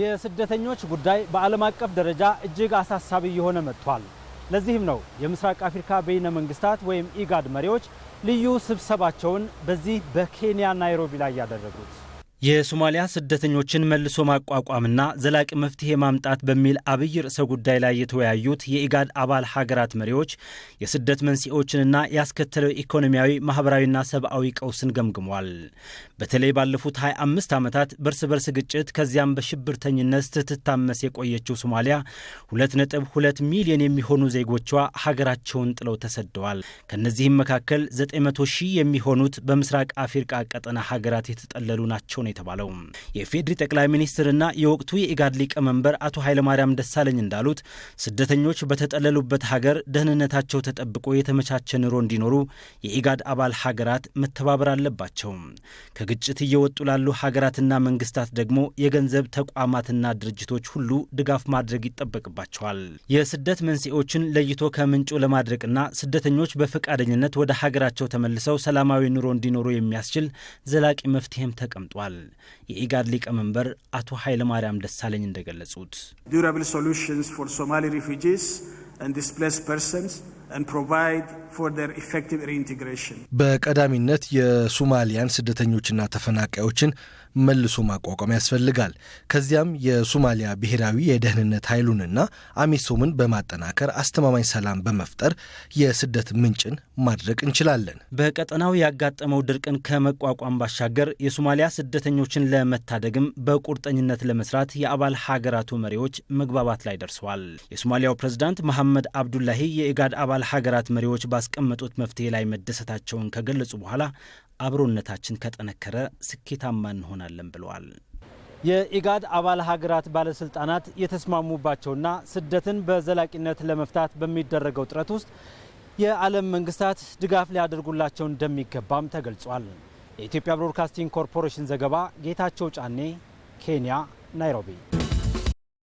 የስደተኞች ጉዳይ በዓለም አቀፍ ደረጃ እጅግ አሳሳቢ እየሆነ መጥቷል። ለዚህም ነው የምስራቅ አፍሪካ በይነ መንግስታት ወይም ኢጋድ መሪዎች ልዩ ስብሰባቸውን በዚህ በኬንያ ናይሮቢ ላይ ያደረጉት። የሶማሊያ ስደተኞችን መልሶ ማቋቋምና ዘላቂ መፍትሄ ማምጣት በሚል አብይ ርዕሰ ጉዳይ ላይ የተወያዩት የኢጋድ አባል ሀገራት መሪዎች የስደት መንስኤዎችንና ያስከተለው ኢኮኖሚያዊ፣ ማህበራዊና ሰብአዊ ቀውስን ገምግሟል። በተለይ ባለፉት 25 ዓመታት በርስ በርስ ግጭት ከዚያም በሽብርተኝነት ስትታመስ የቆየችው ሶማሊያ 2.2 ሚሊዮን የሚሆኑ ዜጎቿ ሀገራቸውን ጥለው ተሰደዋል። ከእነዚህም መካከል 900 ሺህ የሚሆኑት በምስራቅ አፍሪቃ ቀጠና ሀገራት የተጠለሉ ናቸው ነው የተባለው። የፌዴሪ ጠቅላይ ሚኒስትርና የወቅቱ የኢጋድ ሊቀመንበር አቶ ኃይለማርያም ደሳለኝ እንዳሉት ስደተኞች በተጠለሉበት ሀገር ደህንነታቸው ተጠብቆ የተመቻቸ ኑሮ እንዲኖሩ የኢጋድ አባል ሀገራት መተባበር አለባቸው። ከግጭት እየወጡ ላሉ ሀገራትና መንግስታት ደግሞ የገንዘብ ተቋማትና ድርጅቶች ሁሉ ድጋፍ ማድረግ ይጠበቅባቸዋል። የስደት መንስኤዎችን ለይቶ ከምንጩ ለማድረቅና ስደተኞች በፈቃደኝነት ወደ ሀገራቸው ተመልሰው ሰላማዊ ኑሮ እንዲኖሩ የሚያስችል ዘላቂ መፍትሄም ተቀምጧል። ተገልጿል። የኢጋድ ሊቀመንበር አቶ ኃይለማርያም ደሳለኝ እንደገለጹት ዱራብል ሶሉሽንስ ፎር ሶማሊ ሪፊጂስ ኤንድ ዲስፕሌስ ፐርሰንስ በቀዳሚነት የሱማሊያን ስደተኞችና ተፈናቃዮችን መልሶ ማቋቋም ያስፈልጋል። ከዚያም የሶማሊያ ብሔራዊ የደህንነት ኃይሉንና አሚሶምን በማጠናከር አስተማማኝ ሰላም በመፍጠር የስደት ምንጭን ማድረቅ እንችላለን። በቀጠናው ያጋጠመው ድርቅን ከመቋቋም ባሻገር የሶማሊያ ስደተኞችን ለመታደግም በቁርጠኝነት ለመስራት የአባል ሀገራቱ መሪዎች መግባባት ላይ ደርሰዋል። የሶማሊያው ፕሬዝዳንት መሐመድ አብዱላሂ የኢጋድ አባል ሀገራት መሪዎች ባስቀመጡት መፍትሄ ላይ መደሰታቸውን ከገለጹ በኋላ አብሮነታችን ከጠነከረ ስኬታማ እንሆናል እንሆናለን ብለዋል። የኢጋድ አባል ሀገራት ባለስልጣናት የተስማሙባቸውና ስደትን በዘላቂነት ለመፍታት በሚደረገው ጥረት ውስጥ የዓለም መንግስታት ድጋፍ ሊያደርጉላቸው እንደሚገባም ተገልጿል። የኢትዮጵያ ብሮድካስቲንግ ኮርፖሬሽን ዘገባ ጌታቸው ጫኔ፣ ኬንያ ናይሮቢ